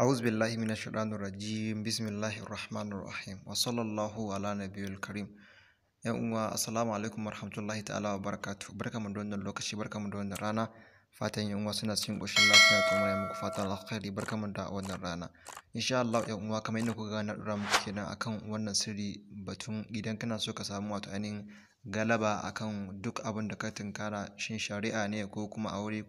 أعوذ بالله من الشيطان الرجيم بسم الله الرحمن الرحيم وصلى الله على نبي الكريم ‘Yan uwa, asalamu alaikum warahmatullahi ta'ala wa barakatu, barkamu da wannan lokaci, barkamu da wannan rana, fatan ‘yan uwa suna cikin ƙoshin lafiya kuma ya muku fatan alkhairi, barkamu da wannan rana. Insha Allah ‘yan uwa kamar yadda kuka ga na ɗora muku kenan akan wannan sirri batun idan kana so ka samu wato ainihin galaba akan duk abun da ka tunkara shin shari'a ne ko kuma a wuri.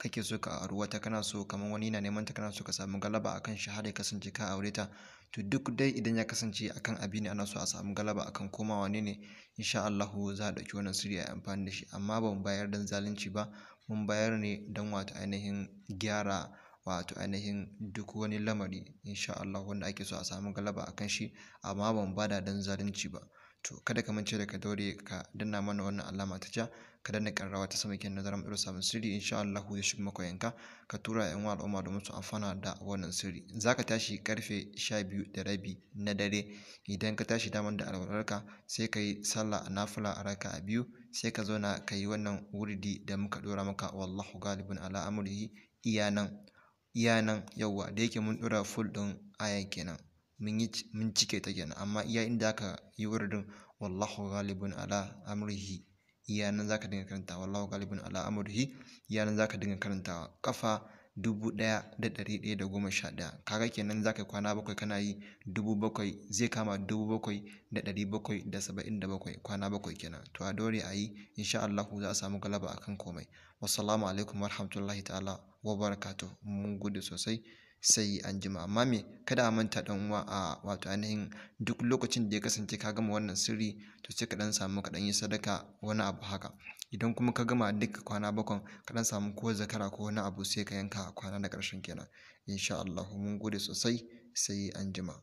kake so ka auri wata kana so kamar wani na neman ta kana so ka samu galaba akan shi har ya kasance ka aure ta to duk dai idan ya kasance akan abi ne ana so a samu galaba akan koma wani ne insha Allah za a ɗauki wannan sirri a amfani da shi amma ba mu bayar dan zalunci ba mun bayar ne dan wato ainihin gyara wato ainihin duk wani lamari insha Allah wanda ake so a samu galaba akan shi amma ba mu bada dan zalunci ba To kada ka mance da ka dore ka danna mana wannan alama ta ja ka danna ƙararrawa ta sama kenan zaran irin sabon sirri insha Allah zai shiga yanka ka tura yan al'umma domin su amfana da wannan sirri za ka tashi karfe 12 da rabi na dare idan ka tashi daman da alwararka sai ka yi sallah nafila a raka a biyu sai ka zauna ka yi wannan wurdi da muka dora maka wallahu galibin ala amrihi iya nan iya yauwa da yake mun dora full ɗin ayan kenan mun cike ta kenan amma iya inda aka yi wurdin wallahu galibun ala amrihi iya nan zaka dinga karanta. wallahu galibun ala amrihi iya nan zaka dinga karanta. kafa dubu ɗaya da ɗari ɗaya da goma sha ɗaya kaga kenan za zaka kwana bakwai kana yi dubu bakwai zai kama dubu bakwai da ɗari bakwai da saba'in da bakwai kwana bakwai kenan to a dore a yi insha Allahu za a samu galaba akan komai wasu alaikum wa rahmatullahi ta'ala wa barakatuh mun gudu sosai sai anjima amma me kada a manta dan uwa a wato ainihin duk lokacin da ya kasance ka gama wannan sirri to sai ka dan samu ka dan yi sadaka wani abu haka idan kuma ka gama duk kwana bakwan ka dan samu ko zakara ko wani abu sai ka yanka kwana na karshen kenan insha Allah mun gode sosai sai anjima.